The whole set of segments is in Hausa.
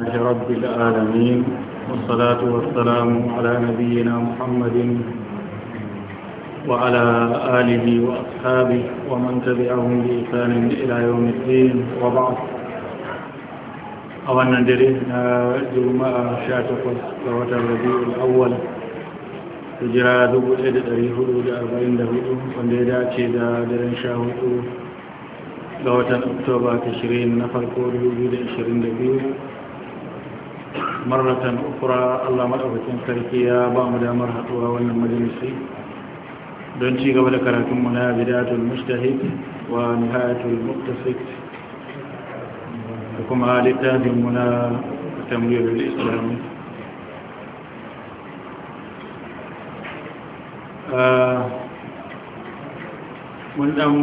الله رب العالمين والصلاة والسلام على نبينا محمد وعلى آله وأصحابه ومن تبعهم بإحسان إلى يوم الدين وبعد أولا درسنا جمعة شاتقس لغة الربيع الأول hijira 1444 wanda ya dace da daren sha hudu ga watan oktoba 20 na farko 2022 marratan ukura Allah madaukakin sarki ya ba mu damar haɗuwa wannan majalisi don ci gaba da karatun mu na bidatul mustahid wa nihayatul muktasid da kuma littafin mu na tamriyar islami ah, mun ɗan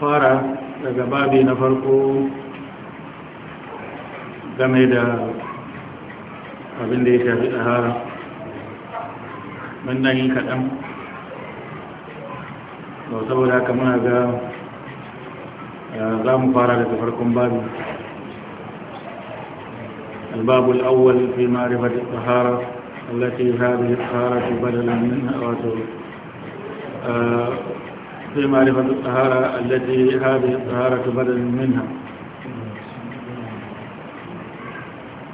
fara daga babi na farko game da abin ya shafi tsahara wannan yin kaɗan ba saboda haka muna ga za mu fara daga farkon babu الباب الأول في معرفة الطهارة التي هذه الطهارة بدلا منها وتر في معرفة الطهارة التي هذه الطهارة بدلا منها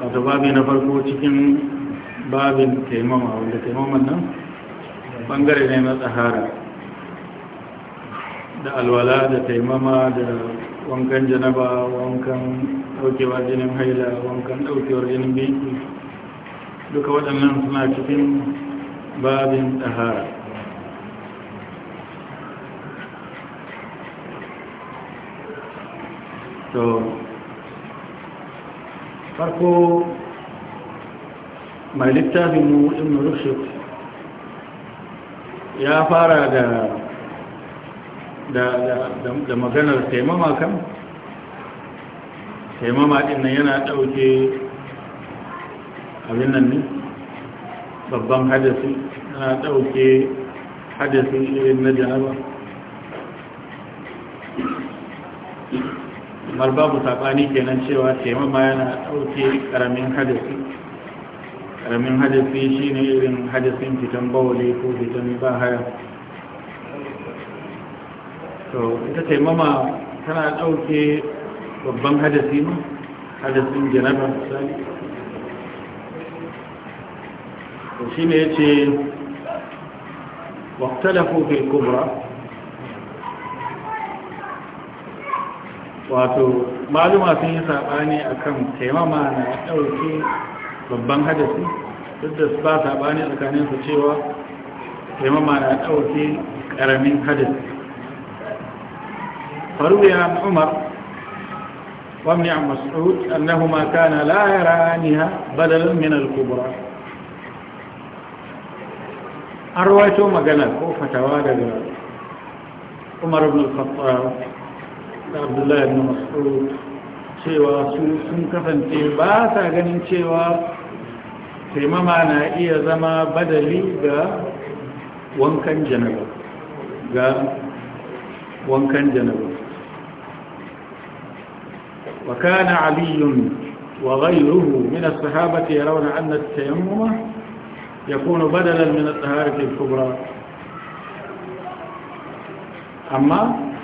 wata babi na farko cikin babin taimama wanda taimaman nan bangare ne na tsahara da alwala da taimama da wankan janaba wankan daukewa jinin haila wankan daukewar jinin biki duka waɗannan suna cikin babin tsahara to farko mai littafin mu ibn rushd ya fara da da maganar taimama kan taimama ɗin nan yana ɗauke abin nan ne babban hadasi yana ɗauke hadasi irin na janaba kamar babu saɓani kenan cewa taimama yana ɗauke ƙaramin hadasi ƙaramin hadasi shi ne irin hadasin fitan bawale ko fitan bahaya to ita taimama tana ɗauke babban hadisi ne hadasin janaba misali to shi ne ya ce waktalafu fil kubra wato maluma sun yi saɓani a kan taimama na ɗauke babban hadasi duk da su ba saɓani tsakanin su cewa taimama na ɗauke ƙaramin hadasi faruwa umar wani a mas'ud ma kana la yaraniha badalin min al an rawaito magana ko fatawa daga umar ibn al-khattab عبد الله ibn mas'ud cewa su sun kasance ba sa ganin cewa taimama na iya zama badali ga wankan janaba ga wankan janaba وكان علي وغيره من الصحابة يرون أن التيمم يكون بدلا من الطهارة الكبرى أما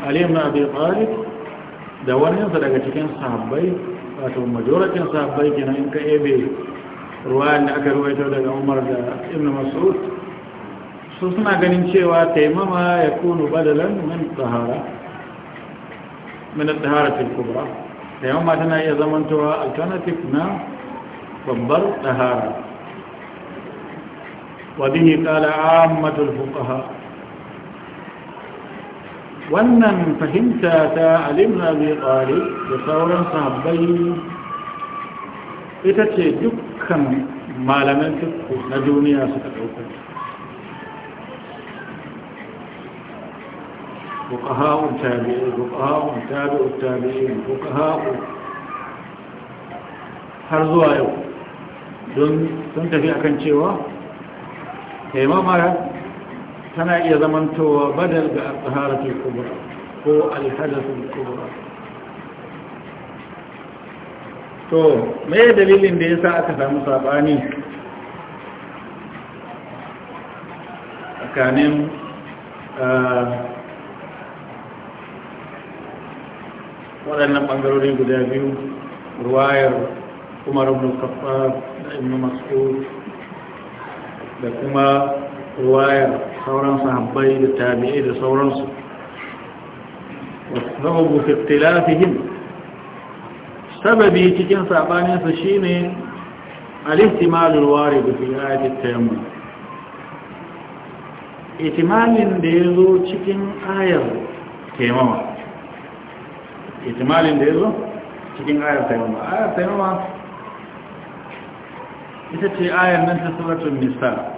علي بن أبي طالب da waninsa daga cikin sahabbai wato majoratin sahabbai kenan in ka ebe ruwa. da aka ruwaito daga umar da ibn mas'ud su suna ganin cewa taimama ya kunu badalan min tsahara min tsaharatul kubra taimama tana iya zamantowa alternative na babbar tsahara wa bihi qala ammatul fuqaha wannan fahimta ta alim rabi ƙwari da sauran sahabbai ita ce dukkan malaman dukku na duniya suka ɗauka fuqaha'u tabi'in fuqaha'u tabi'u tabi'in fuqaha'u har zuwa yau don tafi akan cewa taimama tana iya zamantowa badal ga tsaharatul kubra ko alhadathul kubra to me dalilin da yasa aka samu sabani tsakanin waɗannan ɓangarori guda biyu ruwayar kuma ibn kafa da ibn masu da kuma ruwayar sauran sahabbai da tabi'i da sauransu wasu fi ikhtilafihim sababi cikin sabaninsa shine al-ihtimalul warid fi ayati tayammum ihtimalin da ya zo cikin ayar taimama, ihtimalin da ya zo cikin ayar taimama, ayar taimama ita ce ayar nan ta suratul nisa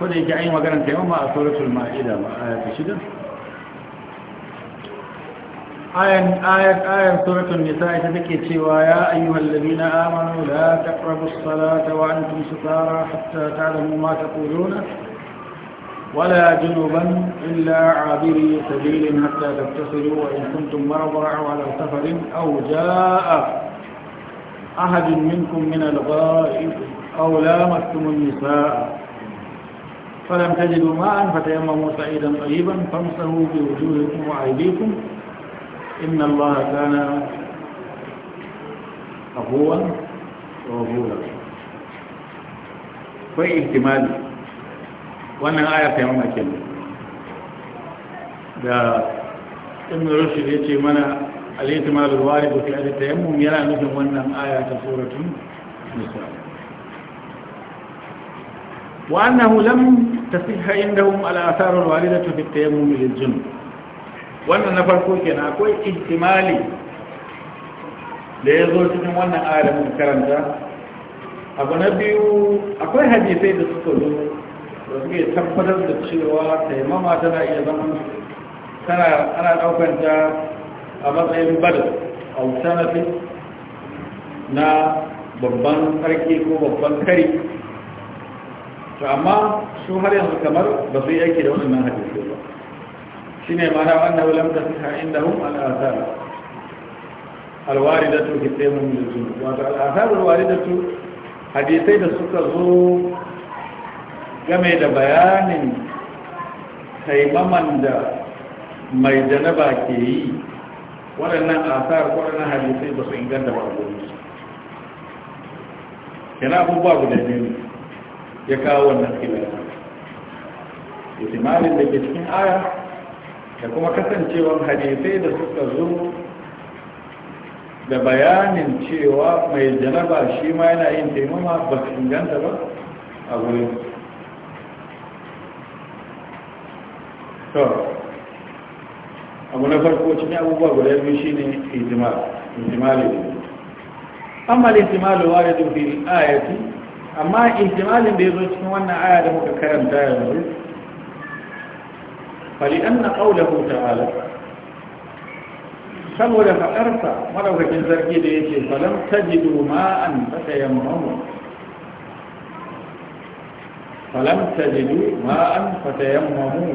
ko da yake an yi maganar taimama a suratul ma'ida ba aya ta shida ayan ayan ayan suratul nisa ita take cewa ya ayyuhal ladina amanu la taqrabus salata wa antum sukara hatta ta'lamu ma taquluna ولا جنبا إلا عابري سبيل حتى تبتصروا وإن كنتم مرضى أو على سفر أو جاء أحد منكم من الغائب أو لامستم النساء فلم تجدوا ماء فتيمموا سعيدا طيبا فامسهوا بوجوهكم وايديكم إن الله كان عفوا وغفورا في احتمال وانا آية في يوم أكل ابن رشد يتي منا الاحتمال الوارد في هذا التيمم يرى نجم وانا آية سورة نساء وأنه لم tasihha indahum ala athar alwalidatu fi tayammum liljun wannan na farko kenan akwai ihtimali da ya zo cikin wannan ayatin karanta abu na biyu akwai hadisai da suka zo suke tabbatar da cewa taimama tana iya zama tana ana daukar a matsayin badal alternative na babban sarki ko babban kari to amma su har yanzu kamar ba su yi aiki da wannan hadisi ba shi ne ma na annahu ha'in da hun al alwari da waridatu ke tayammum al-junub wato al alwari da Tu, hadisai da suka zo game da bayanin taimaman da mai janaba ke yi waɗannan asar waɗannan hadisai ba su inganta ba a gudunsu yana abubuwa guda ne ya kawo wannan khilafa itimalin da ke cikin aya da kuma kasancewar hadisai da suka zo da bayanin cewa mai janaba shi ma yana yin taimama ba su inganta ba a wurin abu na farko cikin abubuwa guda biyu shi ne itimali amma da itimali wa ya dubi ayati amma ihtimalin da ya zo cikin wannan aya da muka karanta yanzu fali anna qawluhu ta'ala saboda faɗarsa madaukakin sarki da yake falam tajidu ma'an fatayammamu falam tajidu ma'an fatayammamu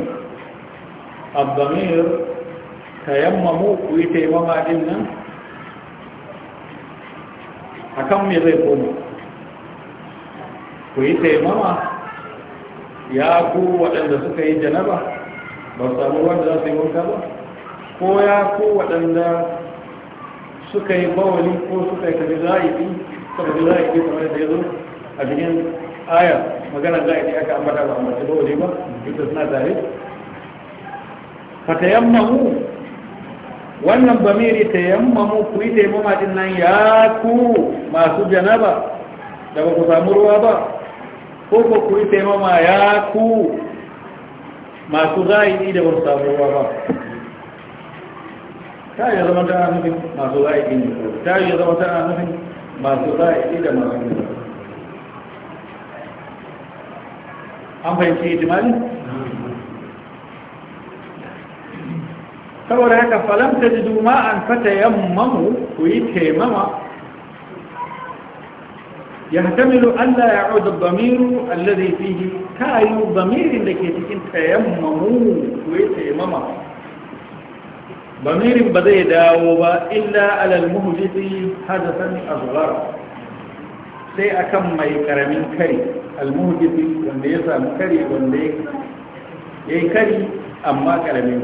الضمير تيمموا ويتيمما دينا أكم يضيفونه ku yi taimama ya ku waɗanda suka yi janaba ba samu wanda za su yi wanka ba ko ya ku waɗanda suka yi bawali ko suka yi kaji za'ibi da za'ibi kamar da ya zo a cikin aya magana za'ibi aka ambata ba amma ta bawali ba duk da suna tare mu? wannan bamiri tayammamu ku yi taimama din nan ya ku masu janaba da ba ku samu ruwa ba ko ko ku yi taimama ya ku masu za'idi da wasu samuwa ba ta yi zama tana nufin masu za'idi ne ta yi zama tana nufin masu za'idi da masu nufin an fahimci itimali? saboda haka falamta jidu ma'an fata yammamu ku yi taimama يحتمل أن لا يعود الضمير الذي فيه كايو ضمير لكي تكن تيممو ويتيمم ضمير بدأ داوبا إلا على المهجد حدثا أصغر sai akan mai karamin kari almuhdithi wanda ya samu kari wanda ya yi kari amma kari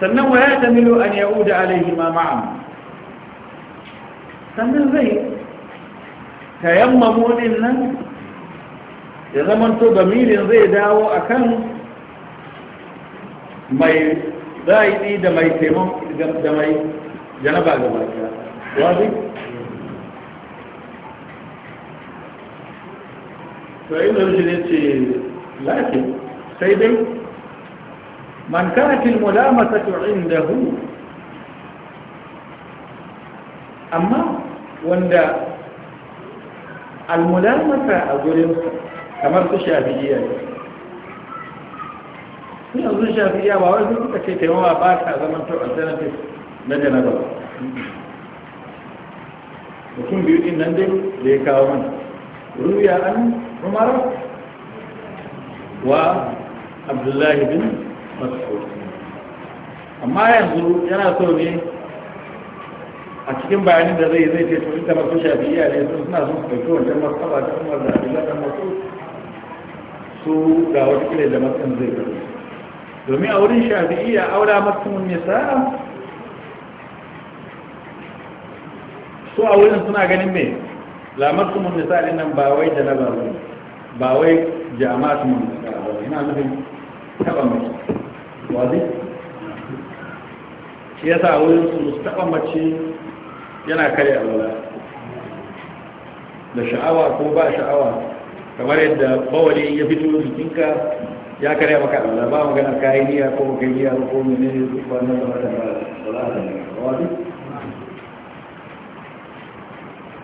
sannan wa ya an ya'uda alaihi ma ma'am sannan zai tayammamu din nan ya zamanto damirin zai dawo akan mai zaidi da mai taimam da mai janaba da baki wani sai da shi ne ce lafi sai dai man kanatil mulamatatu indahu amma wanda almulamata a gurin kamar su shafiya ne yanzu shafiya ba wani suka ce taimawa ba ta zaman to alternative na janaba mutum biyu din nan dai da ya kawo mana ruya an rumara wa abdullahi bin masu amma yanzu yana so ne a cikin bayanin da zai zai ce to ita masu iya ne sun suna son ɗauki wancan masaba ta kuma da abin da masu su ga wata kila da matsin zai zai domin a wurin iya aura matsin sa? su a wurin suna ganin me la matsin nisa din nan ba wai na ba ba wai jama'atu mun nisa ba ina nufin taba mace wazi shi yasa wurin su taba mace yana kare alwala da sha'awa ko ba sha'awa kamar yadda bawali ya fito jikinka ya karya maka alwala ba gana kayi niyya ko kai niyya ko menene duk wannan da wannan ba za ta ne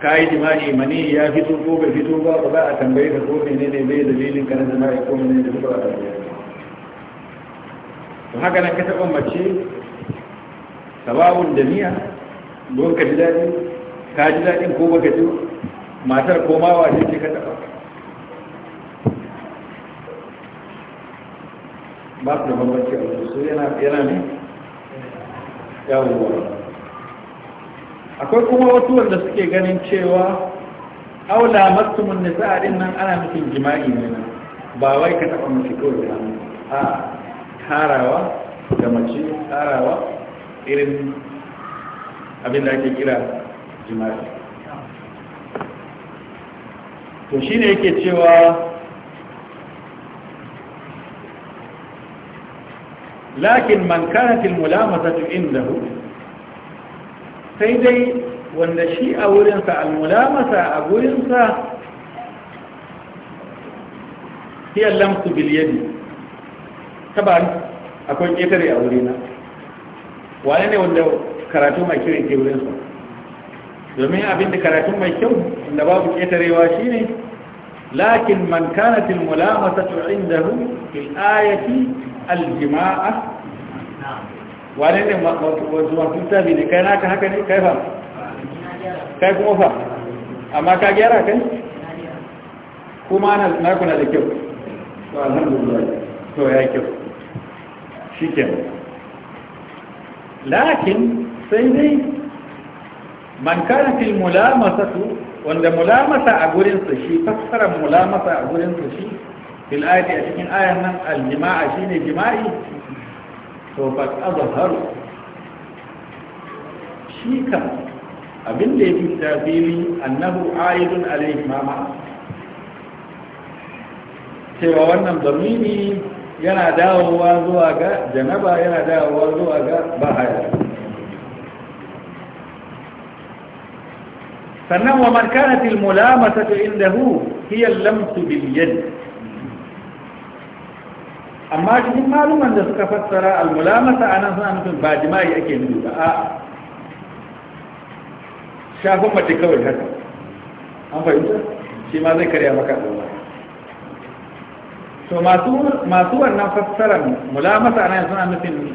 ka yi jima'i mani ya fito ko bai fito ba ba za a tambaye ka ko mene ne bai dalilin ka na jima'i ko mene ne ba a tambaye to haka nan ka taɓa mace sababun da niyya don ka ji daɗi ka ji daɗin ko baka ji matar ko ma wace ce ka taɓa ba su da bambanci a wasu yana yana ne yawon akwai kuma wasu wanda suke ganin cewa aula matsumin nisa din nan ana nufin jima'i ne nan ba wai ka taɓa mace kawai da hannu a tarawa da mace tarawa irin abin da ake kira jima'i to shine yake cewa lakin man kanat almulamatatu indahu sai dai wanda shi a wurinsa almulamata a wurinsa hiya lamsu bil yadi taban akwai ƙetare a wurina wane ne wanda karatu mai kyau yake wurin su domin abin da karatu mai kyau inda babu ketarewa shine lakin man kanat al mulamatatu indahu fil ayati al wane ne wasu masu tabi ne kai naka haka ne kai fa kai kuma fa amma ka gyara kai kuma na naku na da kyau to alhamdulillah to ya kyau Shi shikenan lakin sai dai man kana fil mulamasatu wanda mulamasa a gurin sa shi fassarar mulamasa a gurin sa shi fil ayati a cikin ayan nan aljima'a shine jima'i to fa azharu shi kan abin da ya fi tafili annahu aidun alaihi mama cewa wannan zamini yana dawowa zuwa ga janaba yana dawowa zuwa ga bahaya sannan wa man kanat almulamatatu indahu hiya al-lamsu bil yad amma cikin maluman da suka fassara almulamata anan suna nufin ba jima'i ake nufi ba a shafin mace kawai haka an fahimta shi ma zai karya maka tsawa so masu wannan fassarar mulamata anan suna nufin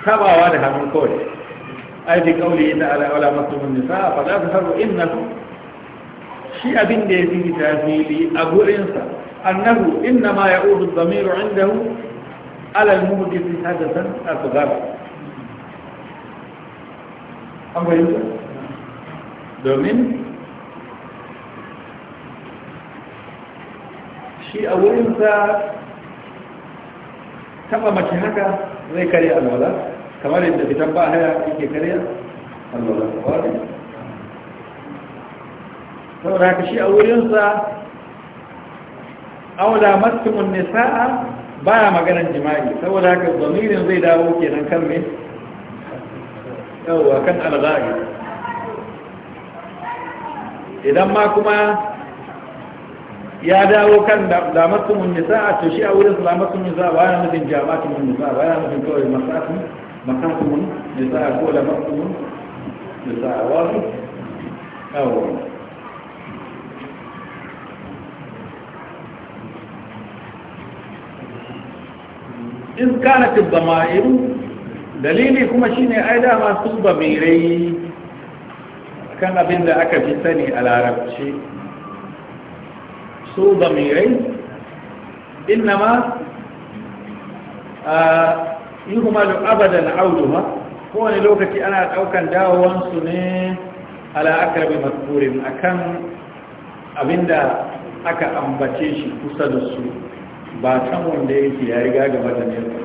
tabawa da hannun kawai ai bi kauli ina ala wala masumun nisa fa za ta saru innahu shi abin da ya fi tafili a gurinsa annahu inna ma ya'udu dhamiru indahu ala al-muhdith hadathan asghar an bayyana domin shi a wurinsa taba mace haka zai kare alwala kamar yadda fitan ba haya yake karya saboda haka shi a wurinsa aula matsumin nisa'a baya maganan jima'i saboda haka zamirin zai dawo kenan kan me yawwa kan alghari idan ma kuma ya dawo kan damatun nisa'a to shi a wurin damatun nisa'a baya nufin jamatun nisa'a baya nufin kawai masatun مكتوب لساعة كولا مكتوب لساعة واحد أو إذ كانت الضمائر دليلي كما شيني أيضا ما صوب ميري كان بين لأك في ثاني على ربشي صوب ميري إنما آه، in kuma da abadan auduwa kowane lokaci ana ɗaukan dawowansu ne ala akrabi maskurin akan abinda aka ambace shi kusa da su ba can wanda yake ya riga game da nesa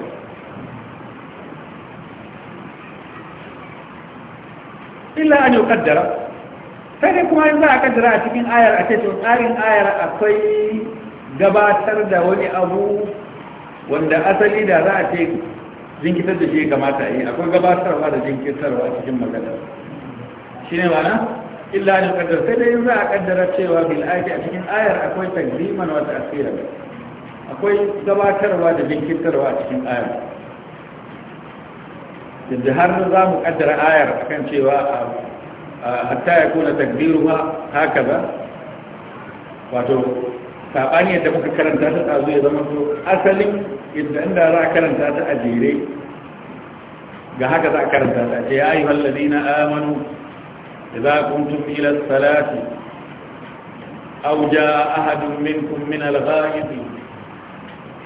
illa an yi kaddara sai dai kuma in za a kaddara a cikin ayar a ce to tsarin ayar akwai gabatar da wani abu wanda asali da za a ce jinkitar da shi ya kamata yi akwai gabatarwa da jinkitarwa cikin magana shi ne mana illa da kaddar sai dai za a kaddara cewa bil aji a cikin ayar akwai takdiman wa ta'khira akwai gabatarwa da jinkitarwa a cikin ayar yadda har za mu kaddara ayar akan cewa hatta ya kuna takdiruha haka ba wato sabani yadda muka karanta ta ɗazu ya zama to asalin yadda inda za a karanta ta a jere ga haka za a إذا كنتم إلى الصلاة أو جاء أحد منكم من الغائط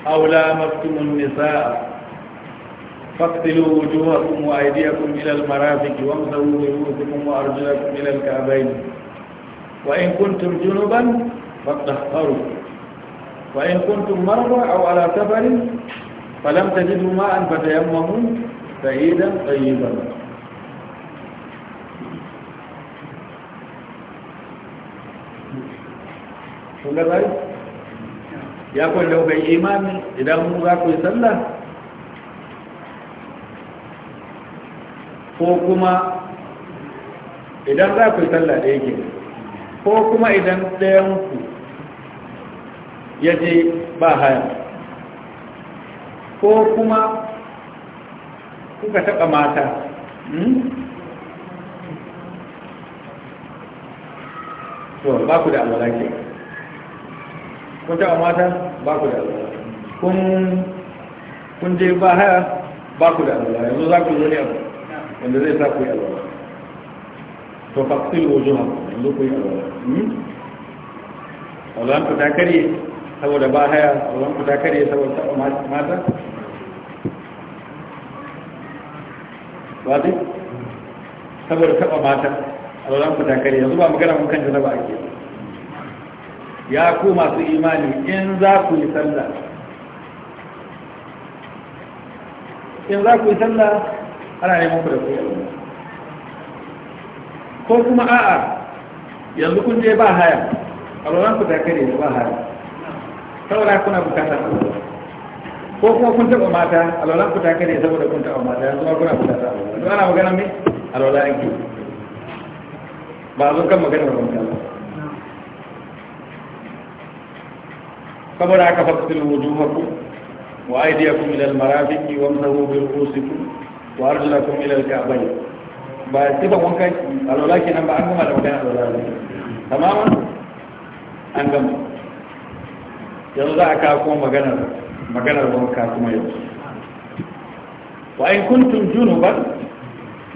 أو لامستم النساء فاقتلوا وجوهكم وأيديكم إلى المرافق وامسوا وجوهكم وأرجلكم إلى الكعبين وإن كنتم جنبا فاطهروا وإن كنتم مرضى أو على سفر فلم تجدوا ماء فتيمموا سعيدا طيبا kunga bai ya kwallo bai imani idan za ku yi sallah ko kuma idan za ku yi sallah da yake ko kuma idan ɗayan ku ya je ba haya ko kuma kuka taɓa mata hmm? to ba ku da alwala ke kun taɓa mata ba ku da alwala kun je ba haya ba ku da alwala yanzu za ku zo ne abu wanda zai sa ku yi alwala to ojo wajen yanzu ku yi alwala hmm? alwala ta karye saboda ba haya a ruwan ta kare saboda taɓa mata wazi saboda taɓa mata a ruwan ta kare yanzu ba magana mun kan jana ba ake ya ku masu imani in za ku yi sallah in za ku yi sallah ana neman ku da ku ko kuma a'a yanzu kun je ba haya a ruwan ta kare ba haya saura kuna bukata ko kuma kun taɓa mata alwala ku ta kare saboda kun taɓa mata yanzu ma kuna bukata yanzu ana magana mai alwala yanki ba zo kan magana ba kuma kala saboda aka fasil wujuhakum wa aydiyakum ila al-marafiqi amsahu bil ru'usikum wa arjulakum ila al-ka'bayn ba tiba wanka alwala kenan ba an gama da magana alwala tamam an gama yanzu za a kawo maganar maganar wanka kuma yau wa in kuntum junuban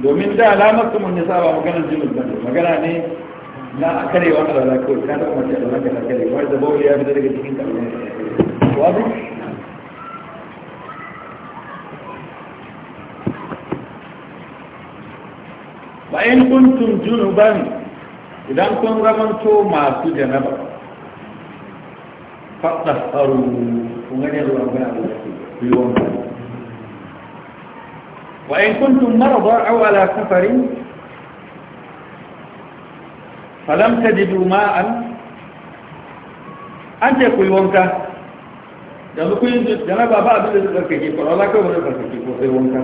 domin da alamar mun nisa ba maganar junuban magana ne na akare wa Allah la kawai kana kuma ce Allah kana kare wa da bawo ya fita daga cikin kalmar wa bi wa in kuntum junuban idan kun zamanto masu janaba faɗa haru kun gane ruwan gana da su wa in kuntum marada aw ala safarin falam tajidu ma'an an ce ku yi da yanzu ku yi janaba ba abin da zai tsarkake ko Allah kai wani tsarkake ko sai wanka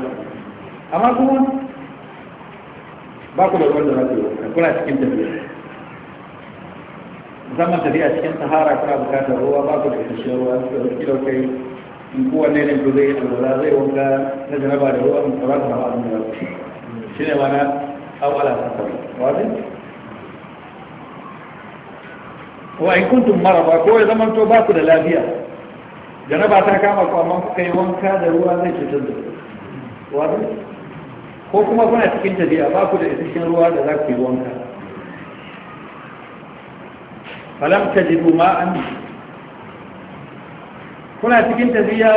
amma kuma ba ku da ruwan da za ku yi wanka kuna cikin tafiya musamman tafiya cikin sahara kuna bukatar ruwa ba ku da isasshen ruwa da wasu kilo in kuwa ne ku zai alwala zai wanka na jaraba da ruwa mun tsara kuma abin da shi ne mana awala safari wazi wa in kuntum maraba ko ya zaman to ba ku da lafiya jaraba ta kama ku amma kuka yi wanka da ruwa zai cutar da ku ko kuma kuna cikin tafiya ba ku da isasshen ruwa da za ku yi wanka falam tajidu ma'an kuna cikin tafiya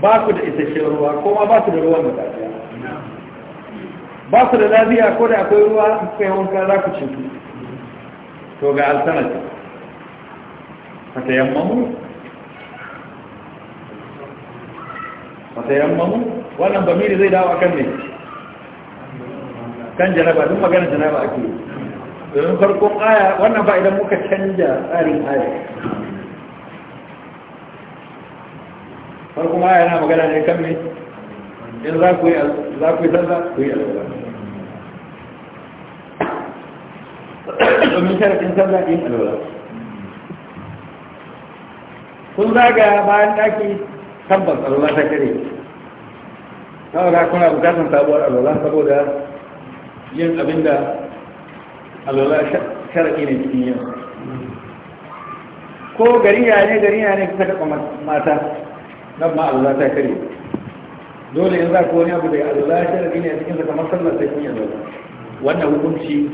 ba ku da isasshen ruwa ko ma ba su da ruwan da tafiya ba su da lafiya ko da akwai ruwa in kai wanka za ku cutu to ga alternative fatayammamu yammamu, wannan bamiri zai dawo akan ne kan jaraba duk magana jaraba ake yi domin farkon aya wannan ba idan muka canja tsarin aya farkon aya na magana ne kan me in za ku yi za ku yi sallah ku yi alwala domin sharadin sallah yin alwala kun zaga bayan daki tabbas alwala ta kare saboda kuna bukatar sabuwar alwala saboda yin abinda alwala sharaɗi ne cikin yau ko gari ya ne gari ya ne ka taɓa mata nan ma alwala ta kare dole in za ko wani abu da alwala sharaɗi ne cikin saka masallar sallar ta cikin yau wannan hukunci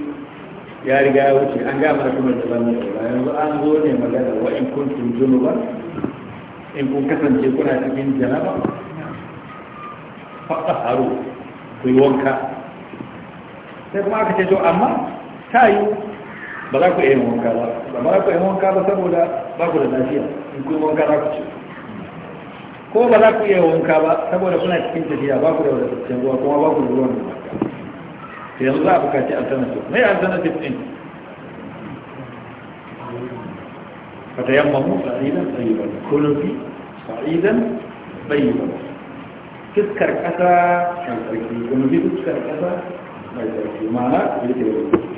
ya riga ya wuce an gama da kuma da zamu da yanzu an zo ne magana wa in kuntum junuban in kun kasance kuna cikin janaba fa taharu ku yi wanka sai kuma aka ce to amma ta yi ba za ku iya yin wanka ba ba za ku iya wanka ba saboda ba ku da lafiya in ku wanka za ku ce ko ba za ku iya wanka ba saboda kuna cikin tafiya ba ku da wadataccen ruwa kuma ba ku da ruwan da wanka to yanzu za a bukaci alternative mai alternative din ta yamma mu sa'idan tsayiban kulufi sa'idan tsayiban fuskar kasa kan tsarki kuma bi fuskar kasa mai tsarki ma'ana yake da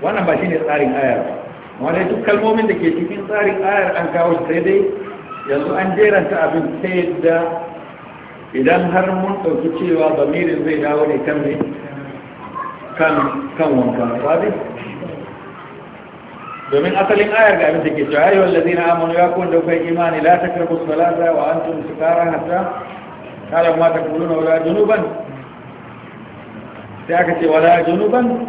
wannan ba shi ne tsarin ayar amma duk kalmomin da ke cikin tsarin ayar an kawo shi sai dai yanzu an jeranta abin ta yadda idan har mun ɗauki cewa zamirin zai dawo ne kan ne kan wanka ba domin asalin ayar ga abin da ke cewa ayyuhal na amanu ya kun da kai imani la da salata wa su kara hatta kala ma takuluna wala junuban sai aka ce wala junuban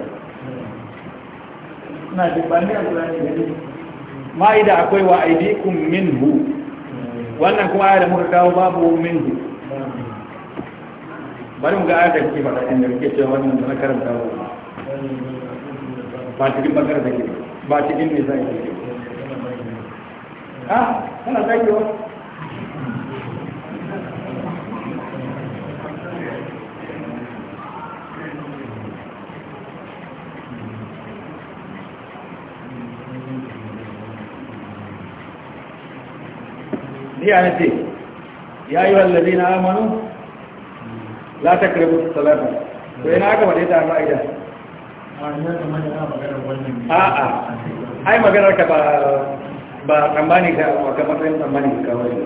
na da a ne guda ne gani akwai wa aidikum minhu wannan kuma ayar da muka kawo babu minhu bari mu ga ayar da ke faɗa inda muke cewa wannan da na karanta ba cikin bakar da ke ba cikin ne zai ke ah kana zakewa ya nace ya yi wallazi na amanu la ta karbi salata to ina aka wade ta fa'ida A ai maganar ka ba tambani ka ka matsayin tambani ka wai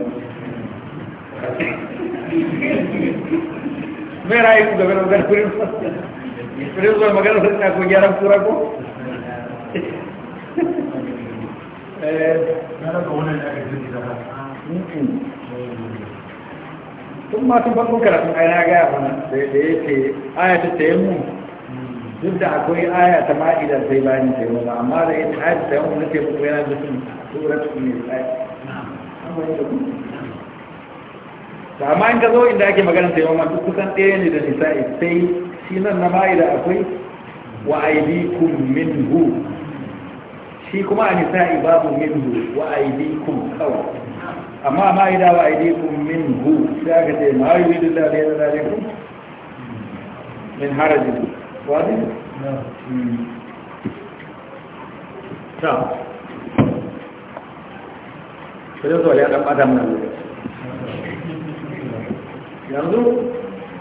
me rai ku ga maganar kurin zuwa maganar ko gyaran kura ko eh na ga wannan da tun ma tun farkon karatun aina na gaya mana sai da yake aya ta tayammu duk da akwai aya ta ma'ida sai bayan tayammu amma da yin aya ta tayammu na tayammu yana da sun suratu ne sai da amma in ka zo inda ake magana tayammu duk kusan ɗaya ne da nisa sai shi nan na ma'ida akwai wa min hu shi kuma a nisa'i babu min hu wa kun kawai amma ma yi dawa a yi min hu sai aka ce ma yi yi dula da yana da ku min haraji harajin wadi hmm. ta sai zuwa ya dan adam na lokaci yanzu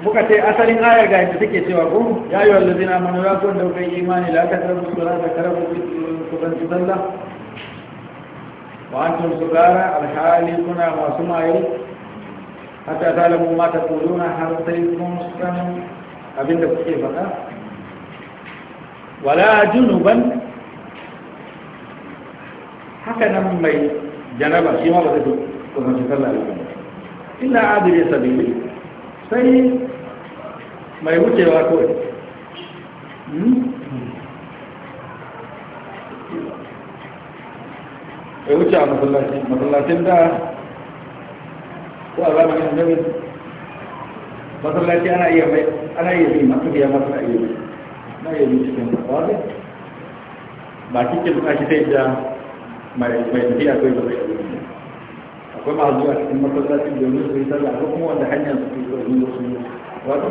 muka ce asalin ayar ga yadda take cewa ko ya yi wallazi na manu ya kuwa da kai imani la ka tarabu sura da karabu su ban sallah وأنتم سبارة الحال كنا وسمع حتى تعلموا ما تقولون حرطيكم سكن أبين كيف ولا جنوبا حتى نمي جنبا شما بدأت كما شكرا الله إلا عادل سبيل سي ما يوجد وكوي bai wuce a masallaci masallacin da ko a zamanin annabi masallaci ana iya mai ana iya yi masu biya masu iya na iya bi cikin kawai ba cikin kashi ta yadda mai tafiya kai ba zai yi akwai masu zuwa cikin masallaci domin su yi sallah ko kuma wanda hanyar su yi domin su yi wato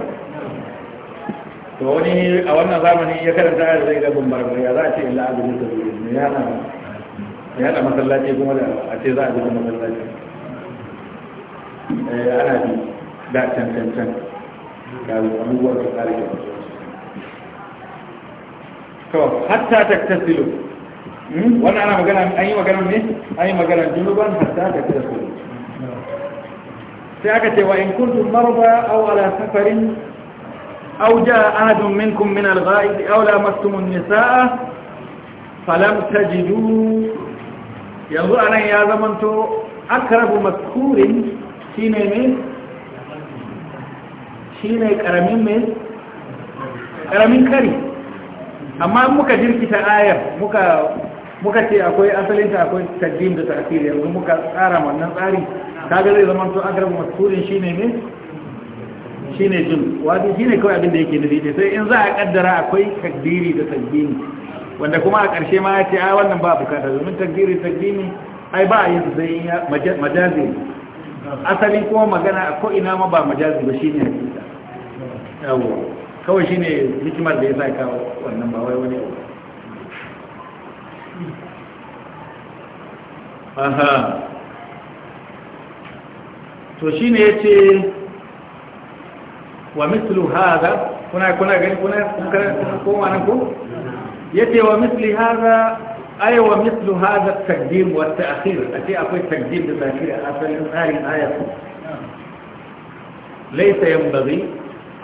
to wani a wannan zamani ya karanta ya zai ga bambar ya za a ce illa abin da ya na ya da masallaci kuma da a ce za a jika masallaci ana bi da can can can da abubuwan su kare ke to hatta ta tasilu wannan ana magana an yi magana ne an yi magana junuban hatta ta tasilu sai aka ce wa in kuntum marba aw ala safarin أو جاء أحد منكم من الغائب أو لامستم النساء فلم تجدوا yanzu a nan ya zamanto akarabu maskurin shi ne ne shi ne karamin mai karamin kari amma muka jirkita ayar muka ce akwai asalinta akwai tajjim da ta'asiri yanzu muka tsara wannan tsari kaga zai zama to akarabu makurin shine ne shine jin wadi shine kawai abin da yake nufi sai in za a kaddara akwai takdiri da tajjim wanda kuma a ƙarshe ma ya ce a wannan ba bukata domin takdiri takdimi ai ba a yin zai majazi asali kuma magana a ko'ina ma ba majazi ba shine hakika yawo kawai shine hikimar da ya sa kawo wannan ba wai wani aha to shine ce wa mithlu haza kuna gani kuna kuma koma nan ku? yace wa misli haza, ay wa mislu haza at-taqdim wa at-ta'khir ace akwai taqdim da ta'khir a asalin tsarin ayat laysa yanbaghi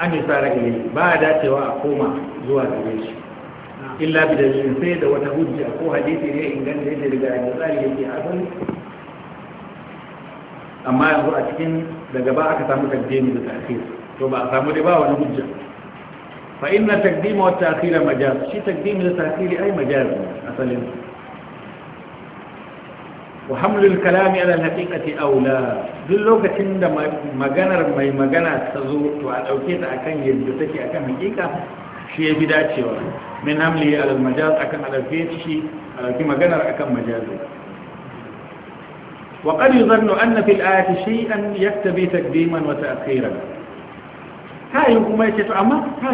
an yusara ilayhi ba da cewa a koma zuwa gare shi illa bi dalilin sai da wata hujja ko hadisi ne inganta yake daga da tsari yake asali amma yanzu a cikin daga ba aka samu taqdim da ta'khir to ba a samu dai ba wani hujja فإن تقديم والتأخير مجاز شيء تقديم للتأخير أي مجاز مثلا وحمل الكلام على الحقيقة أولى ذو لوكة عند مغانا رمي مغانا تزور وعلى أوكيت أكن يجبتك أكن حقيقة شيء بدات من حمله على المجاز أكن على الفيت شيء على كي مغانا أكن مجاز وقد يظن أن في الآية شيئا يكتبي تقديما وتأخيرا ta kuma ya ce to amma ta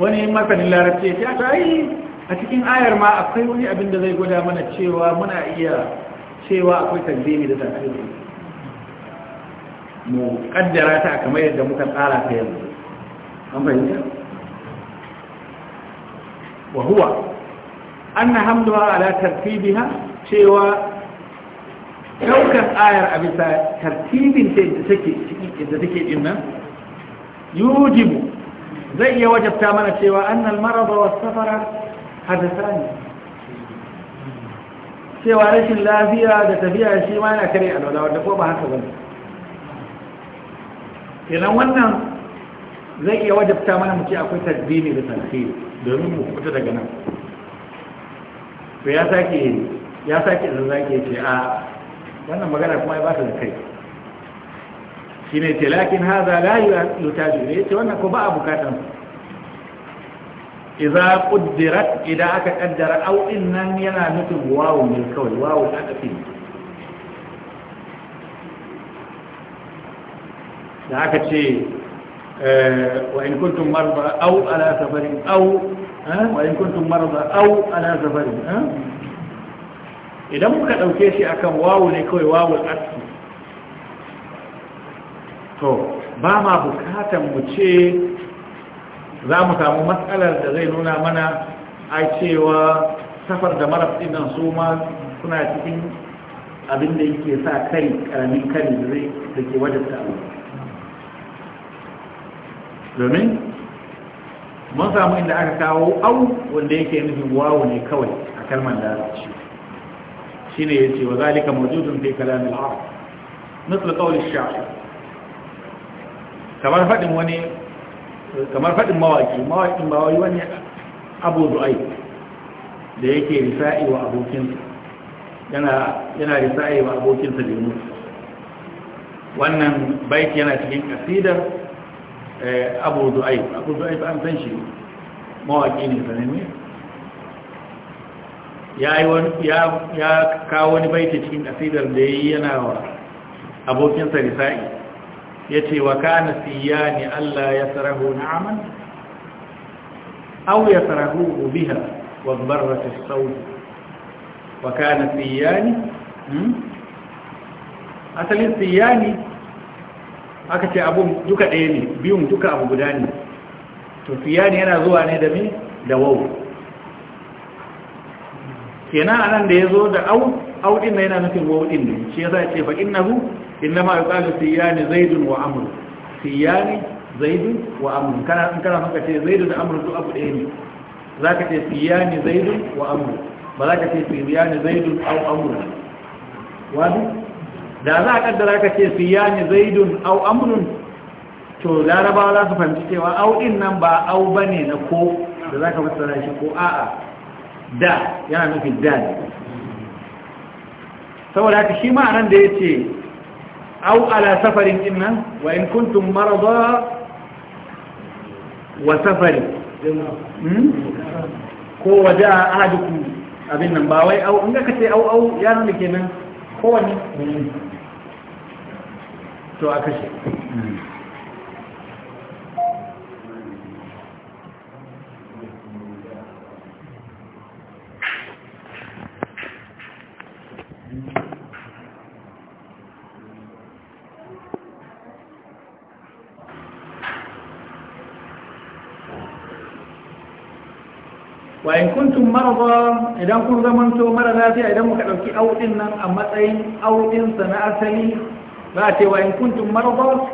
wani masanin larabci ya ce a ta yi a cikin ayar ma akwai wani abin da zai gwada mana cewa muna iya cewa akwai tanzimi da tafiye mu kaddara ta kamar yadda muka tsara ta yanzu an fahimta wa huwa anna hamduha ala tartibiha cewa daukar ayar a bisa tartibin da take cikin take din nan yujibu zai iya wajabta mana cewa annal marada was safara hadathani cewa rashin lafiya da tafiya shi ma yana kare alwala wanda ko ba haka bane kenan wannan zai iya wajabta mana mu ce akwai tadbini da tarhib domin mu fita daga nan to ya sake ya sake da zake ce a wannan magana kuma ya ba ta da kai shine ce lakin haza la yutaju ne ce wannan ko ba a bukatan idza quddirat idan aka kaddara au din nan yana nufin wawu ne kawai wawu aka fi da aka ce wa in kuntum marda au ala safarin au wa in kuntum marda au ala safarin idan muka dauke shi akan wawu ne kawai wawu al-asli to ba ma bukatan mu ce za mu samu matsalar da zai nuna mana a cewa safar da maras ɗinan su ma suna cikin abin da yake sa kari karamin kari da ke wajabta abu domin mun samu inda aka kawo au wanda yake nufin wawo ne kawai a kalmar larabci shine yace wa zalika mawjudun fi kalam arab مثل قول الشاعر kamar faɗin wani kamar faɗin mawaƙi mawaƙin ba wai wani abu du'ai da yake risa'i wa abokinsa yana yana risa'i wa abokinsa da mutu wannan baiti yana cikin kasidar eh, abu du'ai abu du'ai ba an san shi mawaƙi ne sananne ya yi ya kawo wani baiti cikin kasidar da yayi yana wa abokinsa risa'i yace wa kana siyani Allah ya sarahu na'aman aw sarahu biha wa barrat as sawd wa kana siyani hmm? asalin siyani aka ce abun duka ɗaya ne biyun duka abu guda ne to siyani yana zuwa ne da me da wawu kenan anan da yazo da au au din yana nufin wau din ne shi yasa ya ce fa innahu innama yuqalu siyani zaidun wa amr siyani zaidun wa amr kana in kana maka ce zaidun da amr duk abu ɗaya ne zaka ce siyani zaidun wa amr ba zaka ce siyani zaidun aw amr wani da za a kaddara ka ce siyani zaidun aw amrun to larabawa za su fahimci cewa au din nan ba au bane na ko da zaka fassara shi ko a'a da yana nufin da saboda haka shi ma nan da yace Au ala سفر إما وإن كنتم مرضى وسفر ko waje a ahaduku abin nan ba wai au in ka ce au au ya nuna kenan kowanne to a kashe wa in kuntum marada idan kun zamanto mara lafiya idan muka ɗauki auɗin nan a matsayin auɗin sa na asali ba ce wa in kuntum marada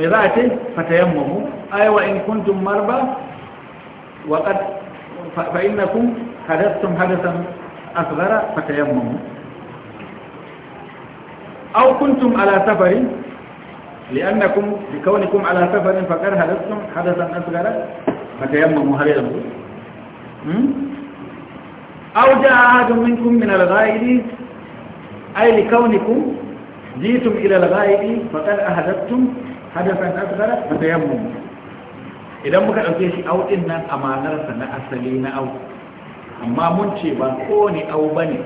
me za a ce fatayammamu ay Ai in kuntum marba wa qad fa innakum hadathtum hadathan asghara fatayammamu aw kuntum ala safarin لأنكم بكونكم على سفر فقد حدثتم حدثا أصغر فتيمموا هل يلبس أو جاء أحد منكم من الغائب أي لكونكم جئتم إلى الغائب فقد أحدثتم حدثا أصغر فتيمموا idan muka ɗauke shi au ɗin nan amanarsa na asali na au amma mun ce ba kowane au ba ne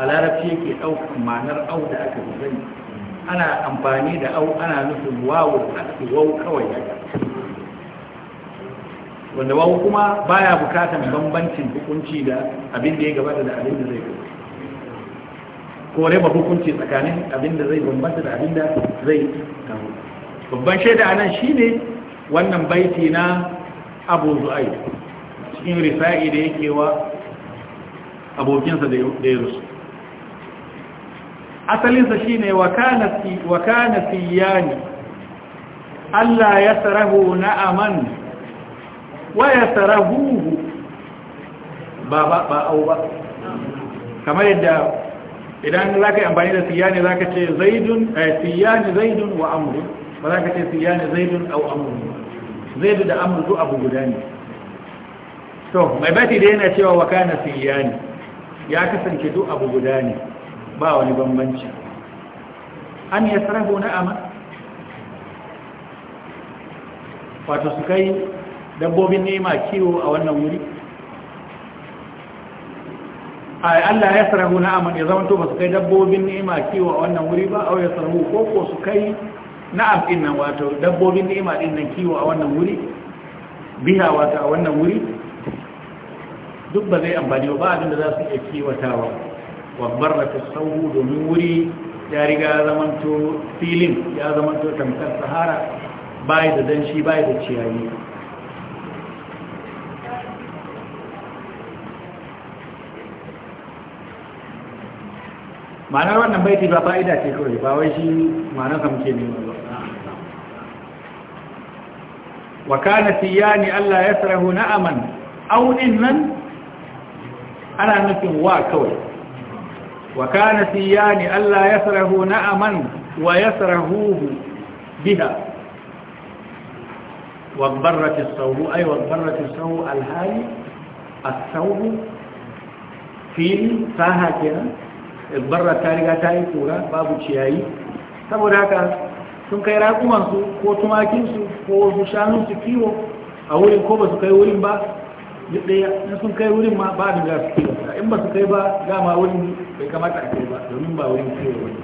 a larabci yake ɗaukar manar au da aka zai ana amfani da au ana nufin wawo wawo kawai wanda wawo kuma baya bukatan bambancin hukunci da abin da ya gabata da abin da zai gabata ko ba hukunci tsakanin abin da zai bambanta da abin da zai kawo babban shaida anan shine wannan baiti na abu zu'ai cikin risa'i da yake wa abokinsa da ya rusu asalinsa shi ne wakana siyani Allah ya sarahu na'aman wa ya sarahu ba ba ba au ba kamar yadda idan za ka yi amfani da siyani za ka ce zaidun eh, siyani zaidun wa amuru ba za ka ce siyani zaidun au amuru zaidu da amuru abu guda ne to mai bati da yana cewa wakana siyani ya kasance duk abu guda ne ba wani bambanci an ya sarrafa amma wato su kai dabbobin nema kiwo a wannan wuri ai Allah ya sarrafa amma ya zama to ba su kai dabbobin nema kiwo a wannan wuri ba au ya sarrafa ko ko su kai na'am din nan wato dabbobin nema din nan kiwo a wannan wuri biya wato a wannan wuri duk ba zai amfani ba abinda za su iya kiwatawa وبرت الصوب ونوري جارك آزمانتو سيلين آزمانتو تمثال سهارة بايد دنشي بايد الشيائي معنى روان نبايتي بابايدة تكوري باويشي معنى خمشيني مالو وكان سياني ألا يسره نأما أو إنن أنا نفهم واكوري wa kana siyani Allah yasrahu na'aman wa yasrahuhu biha wa barrat as-sawru ay wa barrat as-sawru al-hali as-sawru fil saha kenan barra ta riga ta yi kura babu ciyayi saboda haka sun kai raƙumansu ko tumakinsu ko su kiwo a wurin ko ba su kai wurin ba duk ɗaya sun kai wurin ma ba da su kiwo in ba su kai ba dama wurin bai kamata a kai ba domin ba wurin kiwo ba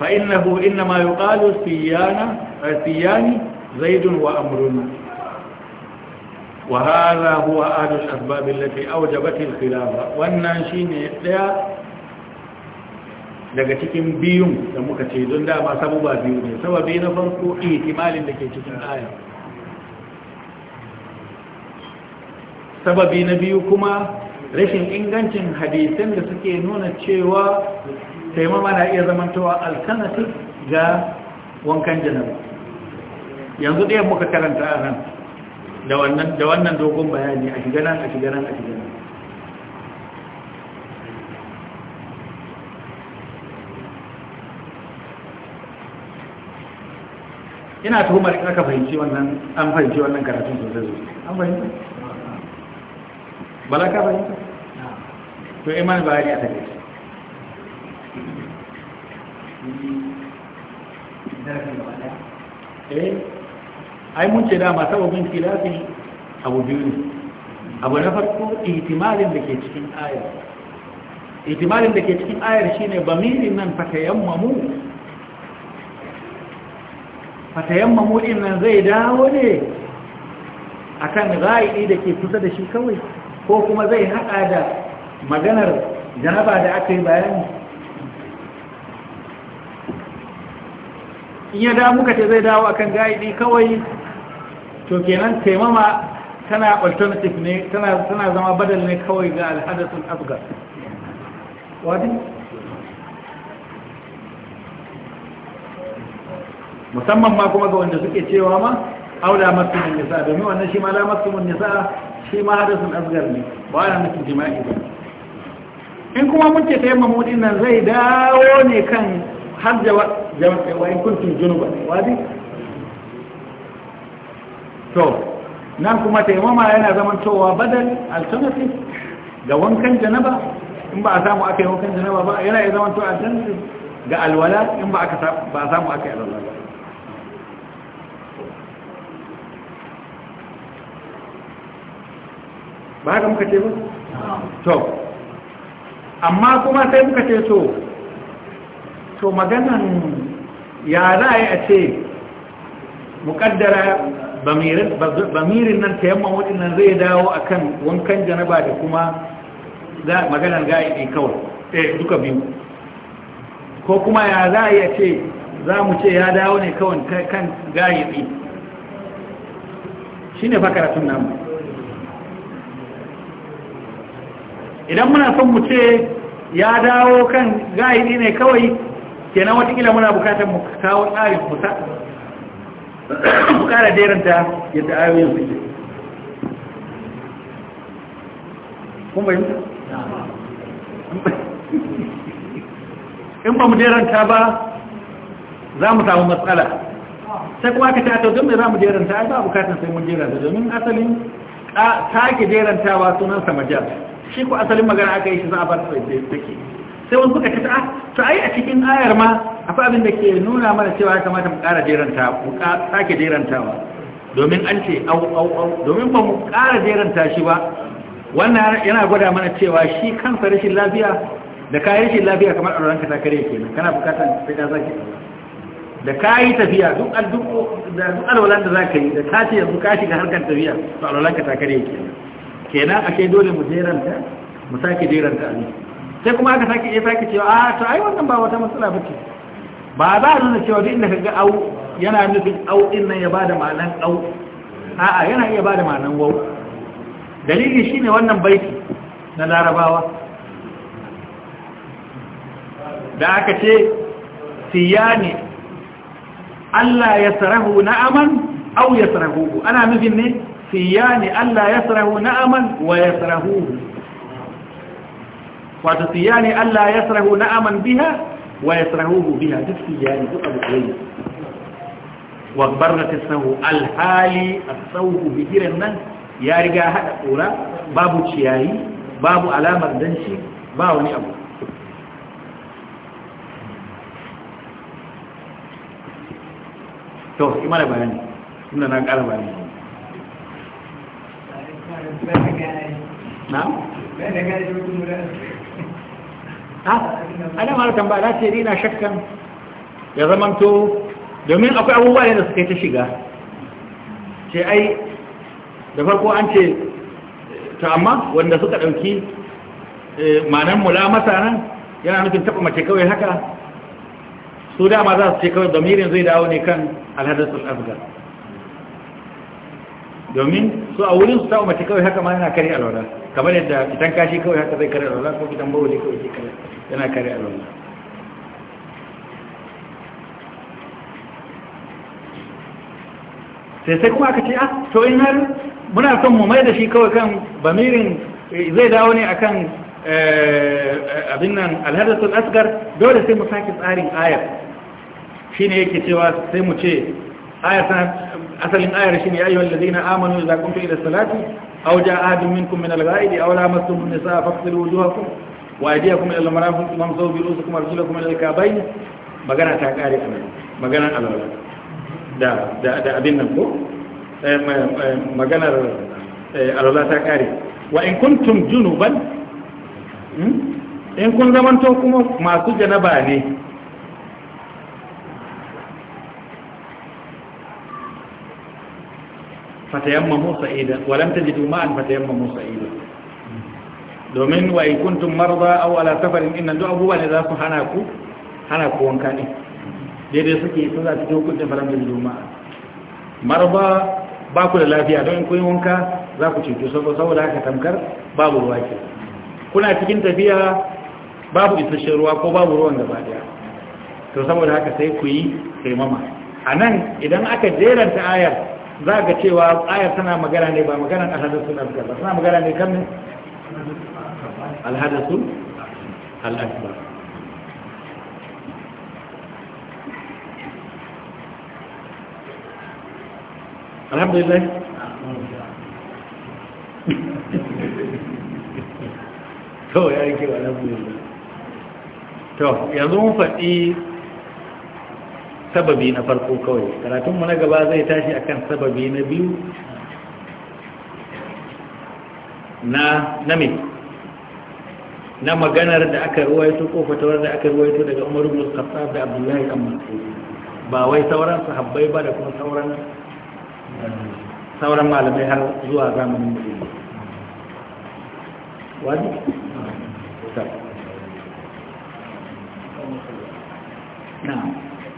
fa innahu inna ma yuqalu siyana eh, siyani zaidun wa amrun wa hadha huwa ahadu al-asbab allati awjabat al-khilafa wannan ne ɗaya daga cikin biyun da muka ce don dama sabuba biyu ne sababi na farko ihtimalin da ke cikin aya sababi na biyu kuma rashin ingancin hadisan da suke nuna cewa taimama na iya zamantowa alternative ga wankan janaba yanzu ɗaya muka karanta a nan da wannan dogon bayani a shiga nan a shiga nan a shiga nan ina tuhumar aka fahimci wannan an fahimci wannan karatun sosai sosai an fahimci. bala ka fahimta to iman eh, bayani a take eh ai mun ce da dama sababin kilafin abu biyu ne abu na farko ihtimalin da ke cikin ayar ihtimalin da ke cikin ayar shine bamirin nan fatayammamu fatayammamu din nan zai dawo ne akan ra'ayi da ke kusa da shi kawai ko kuma zai haɗa da maganar janaba da aka yi bayani in ya da muka ce zai dawo akan ga'idi kawai to kenan taimama tana alternative ne tana zama badal ne kawai ga alhadasun asgar wadi musamman ma kuma ga wanda suke cewa ma aula masu mun nisa domin wannan shi ma la masu mun nisa shi ma hadasin asgar ne ba na nufin jima'i ba in kuma mun ke yamma mudin nan zai dawo ne kan har jama'a wa in kuntum junuba wadi to nan kuma ta yamma yana zamantowa badal alternative ga wankan janaba in ba a samu aka yi wankan janaba ba yana zaman zamantowa alternative ga alwala in ba a samu aka yi alwala ba ba ga muka ce ba to amma kuma sai muka ce to to maganan ya za a yi a ce mukaddara bamirin nan ta yamma nan zai dawo akan wankan janaba da kuma ga kawai eh duka biyu ko kuma ya za a yi a ce za mu ce ya dawo ne kawai kan ga'iɗi shi ne fakaratun namu idan muna son mu ce ya dawo kan ga'idi ne kawai kenan watakila muna bukatar mu kawo tsarin kusa mu kara jeranta yadda ayoyi suke kun bayyanta? in ba mu jeranta ba za mu samu matsala sai kuma ka to don mai za mu jeranta ai ba bukatar sai mun jeranta domin asalin take ba sunan samajiyar shi ku asalin magana aka yi shi za a yadda take sai wani suka ce ta ah, to a cikin ayar ma fi abin da ke nuna mana cewa ya kamata mu ƙara jeranta mu sake jerantawa domin an ce au au au domin ba mu ƙara jeranta shi ba wannan yana gwada mana cewa shi kansa rashin lafiya da kayi rashin lafiya kamar auren ka ta kare nan. kana bukatar sai ka zaki da kayi tafiya duk alwalan da za ka yi da ka ce yanzu ka shiga harkar tafiya to auren ka ta kare nan. kenan ashe dole mu jeranta mu sake jeranta a sai kuma aka sake iya sake cewa a ah, to ai wannan ba wata matsala ba ce ba za a nuna cewa duk inda ka ga au yana nufin au din nan ya ba da ma'anan au a'a yana iya ba da ma'anan wau dalili shine wannan baiti na larabawa da aka ce siyani Allah ya sarahu na'aman au ya sarahu ana nufin ne siya ne Allah ya sarahu na'aman wa ya sarahu wato ne Allah ya sarahu na'aman biha wa ya sarahu biha duk siya ne duk abu ɗaya wa barnata sahu alhali as-sahu bigiran nan ya riga hada kura babu ciyayi babu alamar danshi ba wani abu to imana bayani inda na ƙara bayani A da mara tambaya ce na shakkan ya zamanto domin akwai abubuwa ne da suka ta shiga ce ai da farko an ce ta amma wanda suka ɗauki eh, manan mulamata masana yana nufin taɓa mace kawai haka su dama za su ce kawai domin zai dawo ne kan alhadar asga. domin su a wurin su ta mace kawai haka ma yana kare alwala kamar yadda idan kashi kawai haka zai kare alwala ko idan bawali kawai zai kare yana kare alwala sai sai kuma aka ce ah to in har muna son mu mai da shi kawai kan bamirin eh, zai dawo ne akan eh, abin nan alhadasul asgar dole sai mu saki tsarin ayar shine yake cewa sai mu ce ayar asalin ayar ne ya ayyuhal amonu da idza fi da salati a wajen ahadin minkum min a wala masu mun nisa a nisaa wujo haku wa aydiyakum ila al kuma wamsahu bi kuma arjulakum kuma al-ka'bayn magana ta kare kuma magana alwala da abin nan ko eh, eh, maganar eh, alwala ta kare wa in kuntum junuban hmm? in kun zamanto kuma masu janaba ne fatayammamu sa'ida walam lam tajidu ma'an fatayammamu sa'ida domin wa in kuntum marda aw ala safarin inna duk abubuwa ne za su hana ku hana ku wanka ne daidai suke su za su ji hukuncin faran da juma marba ba ku da lafiya don in kun wanka za ku cutu saboda haka tamkar babu ruwa ke kuna cikin tafiya babu isasshen ruwa ko babu ruwan gaba daya to saboda haka sai ku yi taimama a nan idan aka jeranta ayar za ga cewa ayar tana magana ne ba maganan alhadasu na ba tana magana ne kan alhadasu al'akbar alhamdulillah to ya kewa alhamdulillah to yanzu mun faɗi sababi na farko kawai karatunmu na gaba zai tashi akan sababi na biyu na nami na maganar da aka ruwaito ko fatawar da aka ruwaito daga Umar ibn Khattab da Abdullahi ibn ba wai sauran sahabbai ba da kuma sauran sauran malamai har zuwa zamanin musulmi wani na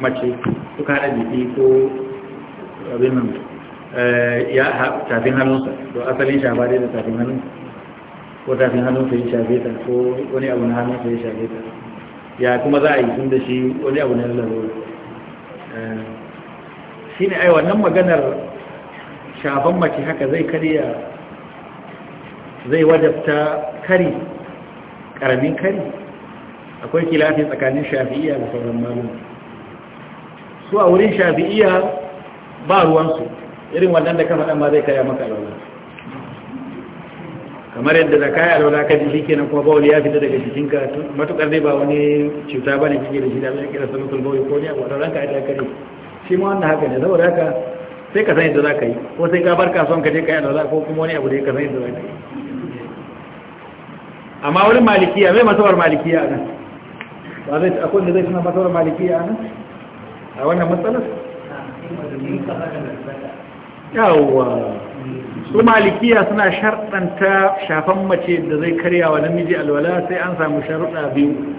mace suka haɗa jiki ko abin nan eh, ya tafin hannunsa to asalin shafa dai da tafin hannunsa ko tafin hannunsa ya shafe ta ko wani abu na hannunsa ya shafe ta ya kuma za a yi tun da shi wani abu na lalaro eh, shi ne aiwa nan maganar shafan mace haka zai karya zai wajabta kari karamin kari akwai kilafi tsakanin shafi'iya da sauran malum. su a wurin shafi'iya ba ruwansu irin wannan da kama ɗan ba zai kaya maka alwala kamar yadda da kaya alwala ka ji shike nan kuma bawul ya fita daga jikinka matukar dai ba wani cuta ba ne kike da shi da zai kira sanutul bawul ko ne a wannan ranka ya kare shi ma wannan haka ne saboda haka sai ka san yadda za yi ko sai ka bar kasuwan ka je ka yi alwala ko kuma wani abu da ka san yadda zaka yi amma wurin malikiya mai masawar malikiya nan ba zai akwai da zai suna masawar malikiya nan a wannan matsalar yawwa su malikiya suna sharɗanta shafan mace da zai karya wa namiji alwala sai an samu sharuɗa biyu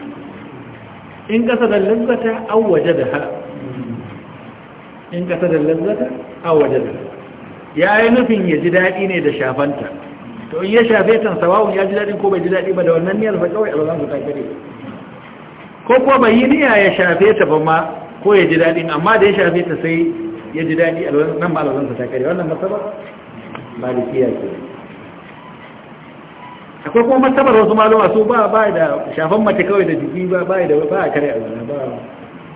in ƙasa da lazzata an waje da ha in ƙasa da lazzata an waje da ya yi nufin ya ji daɗi ne da shafanta to in ya shafe ta sawawun ya ji daɗin ko bai ji daɗi ba da wannan niyar ba kawai alwala su ta kare ko kuwa bai yi niyya ya shafe ta ba ma ko ya ji daɗi amma da ya shafe ta sai ya ji daɗi nan ba alwalansa ta kare wannan ba da kiyar ke akwai kuma masabar wasu maluma su ba ba da shafan mace kawai da jiki ba ba da ba a kare alwala ba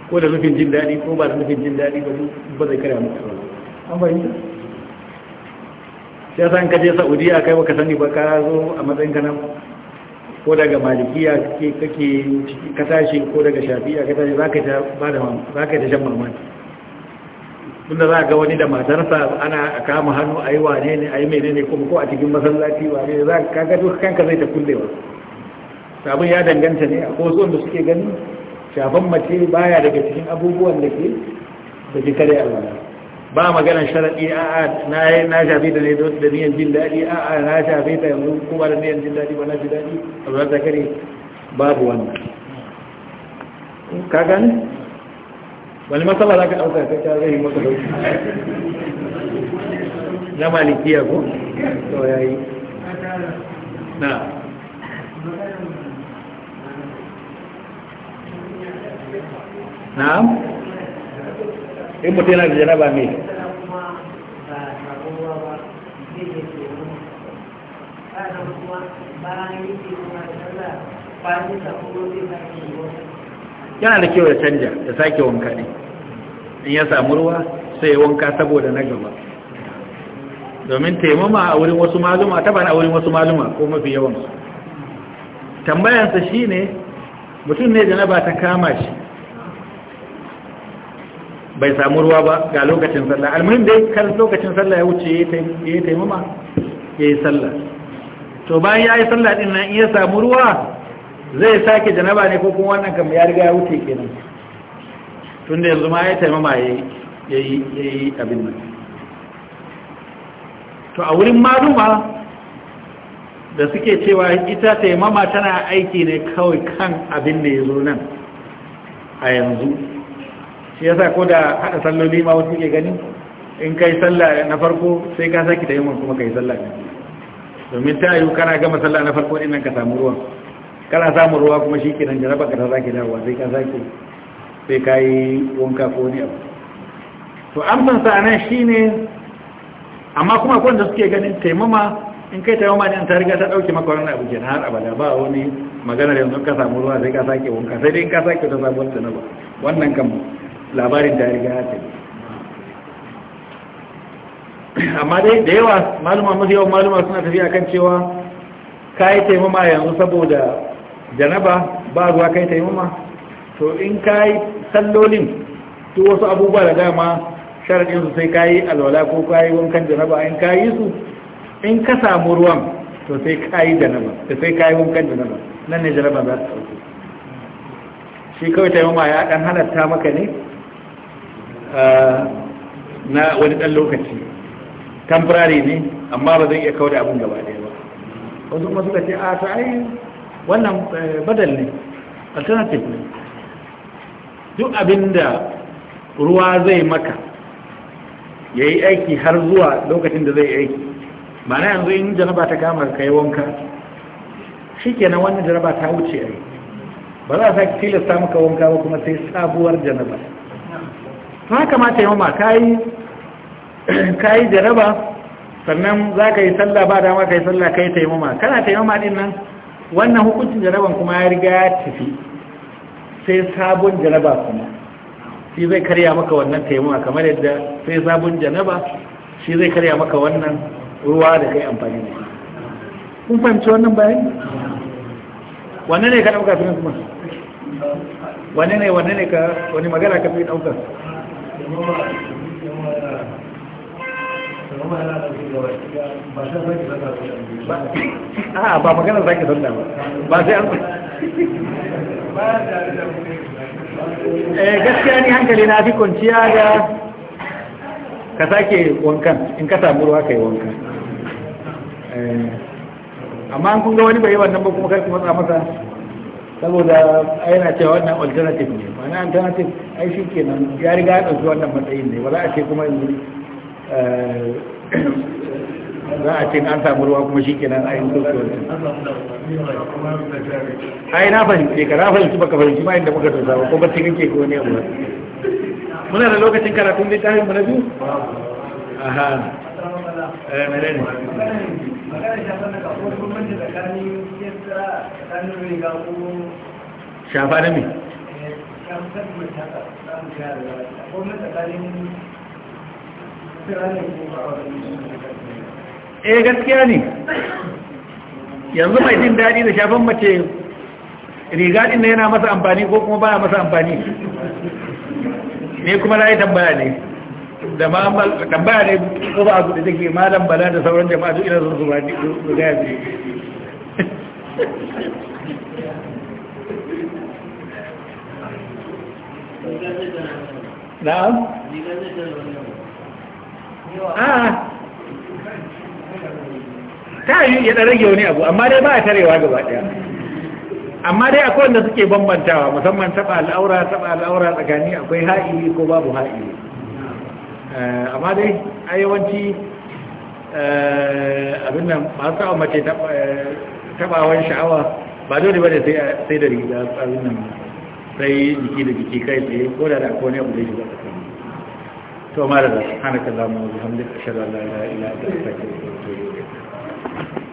ko da nufin jin daɗi ko ba da nufin jin daɗi ba ba zai kare maka alwala an fahimta sai san ka je saudiya kai baka sani ba ka zo a matsayin ka nan ko daga malikiya kake katashi ko daga shafiya ka tashi za ka ta shan mamaki tunda za ga wani da matarsa ana kama hannu a yi wane ne a yi mene ne kuma ko a cikin masallaci wane ne za ka gado kanka zai ta kullewa sabon ya danganta ne a kowasu wanda suke gani shafan mace baya daga cikin abubuwan da ke da ke kare alwala ba maganar sharaɗi a'a na yi na shafi ne da niyan jin daɗi a'a na shafi ta yanzu kuma da niyan jin daɗi ba na fi daɗi a zuwa zakari babu wannan ka gani wani matsala za ka ɗauka ta ta zai maka dauki na malikiya ko to ya yi na na'am in mutum yana da janaba ne yana da kyau ya canja ya sake wanka ne in ya samu ruwa sai ya wanka saboda na gaba domin taimama a wurin wasu maluma taban a wurin wasu maluma ko mafi yawansu tambayansa shi ne mutum ne da na ba ta kama shi bai samu ruwa ba ga lokacin sallah almuhim dai kan lokacin sallah ya wuce ya yi taimama ya yi sallah to bayan ya yi sallah din nan iya samu ruwa zai sake janaba ne ko kuma wannan kam ya riga ya wuce kenan tun da yanzu ma ya taimama ya yi abin nan to a wurin maluma da suke cewa ita taimama tana aiki ne kawai kan abin da ya zo nan a yanzu shi yasa ko da haɗa salloli ma wasu ke gani in kai sallah na farko sai ka saki ta yi mun kuma kai salla ne domin ta yi kana gama sallah na farko in nan ka samu ruwa kana samu ruwa kuma shi nan jaraba ka ta saki dawowa sai ka saki sai ka yi wanka ko ne abu to san sa nan shine amma kuma akwai da suke ganin taimama in kai taimama ne ta riga ta dauke maka wannan abu kenan har abada ba wani magana da yanzu ka samu ruwa sai ka sake wanka sai dai in ka sake ta samu wata na ba wannan kan labarin da riga ya tafi amma dai da yawa maluma mafi yawan maluma suna tafiya kan cewa ka yi taimama yanzu saboda janaba ba zuwa ka yi taimama to in ka yi sallolin to wasu abubuwa da dama su sai ka yi alwala ko ka yi wankan janaba in ka yi su in ka samu ruwan to sai ka yi janaba da sai ka yi wankan janaba nan ne janaba za su ɗauki shi kawai taimama ya ɗan halatta maka ne na wani ɗan lokaci temporary ne amma ba zai iya kawo da abin gaba ɗaya ba wasu kuma suka ce a ta ai wannan badal ne alternative ne duk abin da ruwa zai maka ya yi aiki har zuwa lokacin da zai aiki mana yanzu in janaba ta kama ka yi wanka shi kenan wannan jaraba ta wuce ba za a sake tilasta maka wanka ba kuma sai sabuwar janaba ta kamata yau ma ka yi jaraba sannan za ka yi sallah ba dama ka yi sallah ka yi taimama kana taimama din nan wannan hukuncin jaraban kuma ya riga ya tafi sai sabon jaraba kuma shi zai karya maka wannan taimama kamar yadda sai sabon jaraba shi zai karya maka wannan ruwa da kai amfani da kun fahimci wannan bayan wanne ne ka ɗauka fi kuma wanne ne wanne ne ka wani magana ka fi ɗauka a ah, ba magana zaki ba ba sai an eh, gaskiya ni hankali na fi kwanciya da ka sake wankan in ka samu ruwa kai wankan eh, amma an kun ga wani bai yi wannan ba kuma kar ku matsa saboda yana cewa wannan alternative ne mana alternative ai shi kenan ya riga ya ɗauki wannan matsayin ne ba za a ce kuma yanzu eh, za a ce an samu ruwa kuma shi kenan a yin soke wancan ai na fahimci ka na fahimci baka fahimci ma inda muka dosa ba ko bacci kake ko ne abu muna da lokacin karatun littafin mu na biyu aha eh menene shafa eh gaskiya ne yanzu mai jin daɗi da shafan mace riga ɗin na yana masa amfani ko kuma baya masa amfani ne kuma layi tambaya ne da ma tambaya ne ko ba su da take malam bala da sauran jama'a duk ina son su radi su ga yaji na'am a ah. ta yi ya rage wani abu amma dai ba a tarewa gaba daya amma dai akwai wanda suke bambantawa musamman taba al'aura taba al'aura tsakani akwai ha'ili ko babu ha'ili Eh, amma dai a yawanci eh, abin nan masu awon mace tabawan eh, sha'awa ba dole bane sai da riga abin nan sai jiki da jiki kai tsaye ko da da kone abu da shi ba to ma da subhanaka allahumma wa bihamdika ashhadu an la ila da anta astaghfiruka wa